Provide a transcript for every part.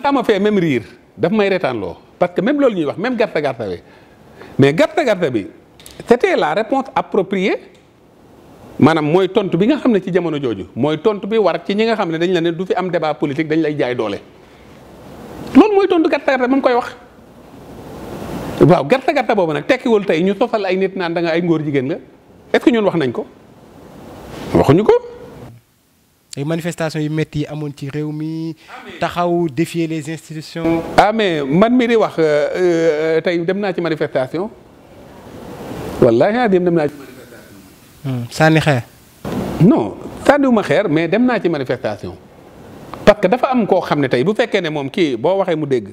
daa ma fee même riir daf may reetaanloo parce que même loolu ñuy wax même gerte gerte bi mais gerte gerte bi c'était la réponse appropriée maanaam mooy tontu bi nga xam ne ci jamono jooju mooy tontu bi war ci ñi nga xam ne dañ la ne du fi am débat politique dañ lay jaay doole loolu mooy tontu gerte gerte ba mu koy wax. waaw garte garte boobu nag tekkiwul tey ñu sosal ay nit naan da ay ngóor jigéen nga est-ce ñun wax nañ ko waxuñu ko. ay manifestations yu métti yi amoon ci réew mi taxaw défier les institutions. ah man mi di wax euh, euh, tey dem naa ci manifestation wallaahi ah dem naa ci manifestation. Hmm, sànni xeer. non sànniwuma xeer mais dem naa ci manifestation parce que dafa am koo xam ne tey bu fekkee ne moom kii boo waxee mu dégg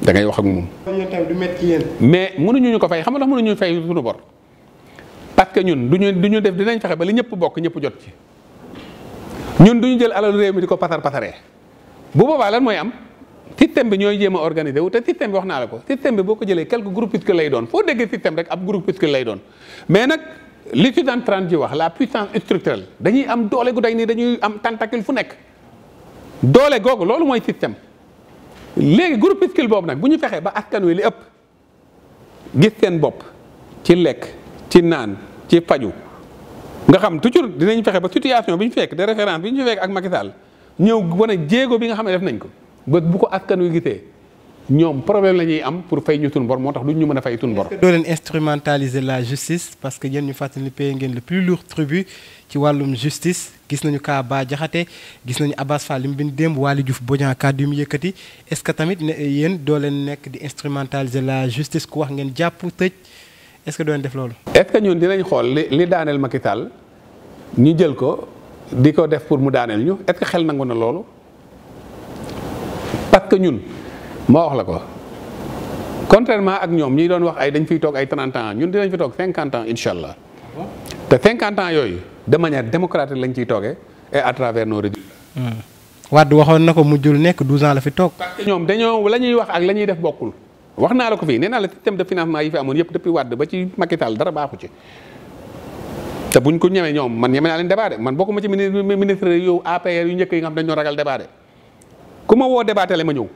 dangay wax ak moom. du métti yéen. mais mënuñu ñu ko fay xam nga mënuñu fay suñu bor parce que ñun du ñu def dinañ fexe ba li ñëpp bokk ñëpp jot ci. ñun duñu jël alalu réew mi di ko patar pataree bu boobaa lan mooy am système bi ñooy jéem a organisé wu te système bi wax naa la ko système bi boo ko jëlee quelques groupuscules lay doon foo déggee système rek ab groupuscule lay doon mais nag li ci daan trente ji wax la puissance structurelle dañuy am doole gu day nii dañuy am tentacule fu nekk doole googu loolu mooy système léegi groupuscule boobu nag bu ñu fexee ba askan wi li ëpp gis seen bopp ci lekk ci naan ci faju nga xam toujours dinañ fexe ba situation bi ñu fekk de référence bi ñu fi fekk ak Macky ñëw wane jéego bi nga xam def nañ ko ba bu ko askan wi gisee ñoom problème la ñuy am pour fay ñu tun bor moo tax duñ ñu mën a fay tun bor. doo leen instrumentaliser la justice parce que yéen ñu fàttali paye ngeen le plus lourd tribut ci wàllum justice gis nañu kaa Ba Jaxate gis nañu Abbas Fall li mu bind démb Waly Diouf Bodian kàddu yu mu yëkkati est-ce que tamit ne yéen doo nekk di instrumentaliser la justice ku wax ngeen jàpp tëj est-ce que def loolu. est-ce dinañ xool li li daaneel Macky Sall ñu jël ko di ko def pour mu daaneel ñu est xel nangu na loolu parce que ñun moo wax la ko contrairement ak ñoom ñi doon wax ay dañ fiy toog ay 30 ans ñun dinañ fi toog 50 incha allah te yooyu de manière démocratique lañ ciy toogee et à travers nos hmm. waxoon na ko mujjul nekk 12 ans la fi toog. ñoom dañoo la ñuy wax ak la ñuy def bokkul wax naa la ko fii nee naa la système de financement yi fi amoon yëpp depuis Wade ba ci Macky dara baaxu ci. te buñ ko ñemee ñoom man ñeme naa leen débat de man bokkuma ci ministre yow APR yu njëkk yi nga xam dañ ñoo ragal débat de ku woo débatté la ma ñëw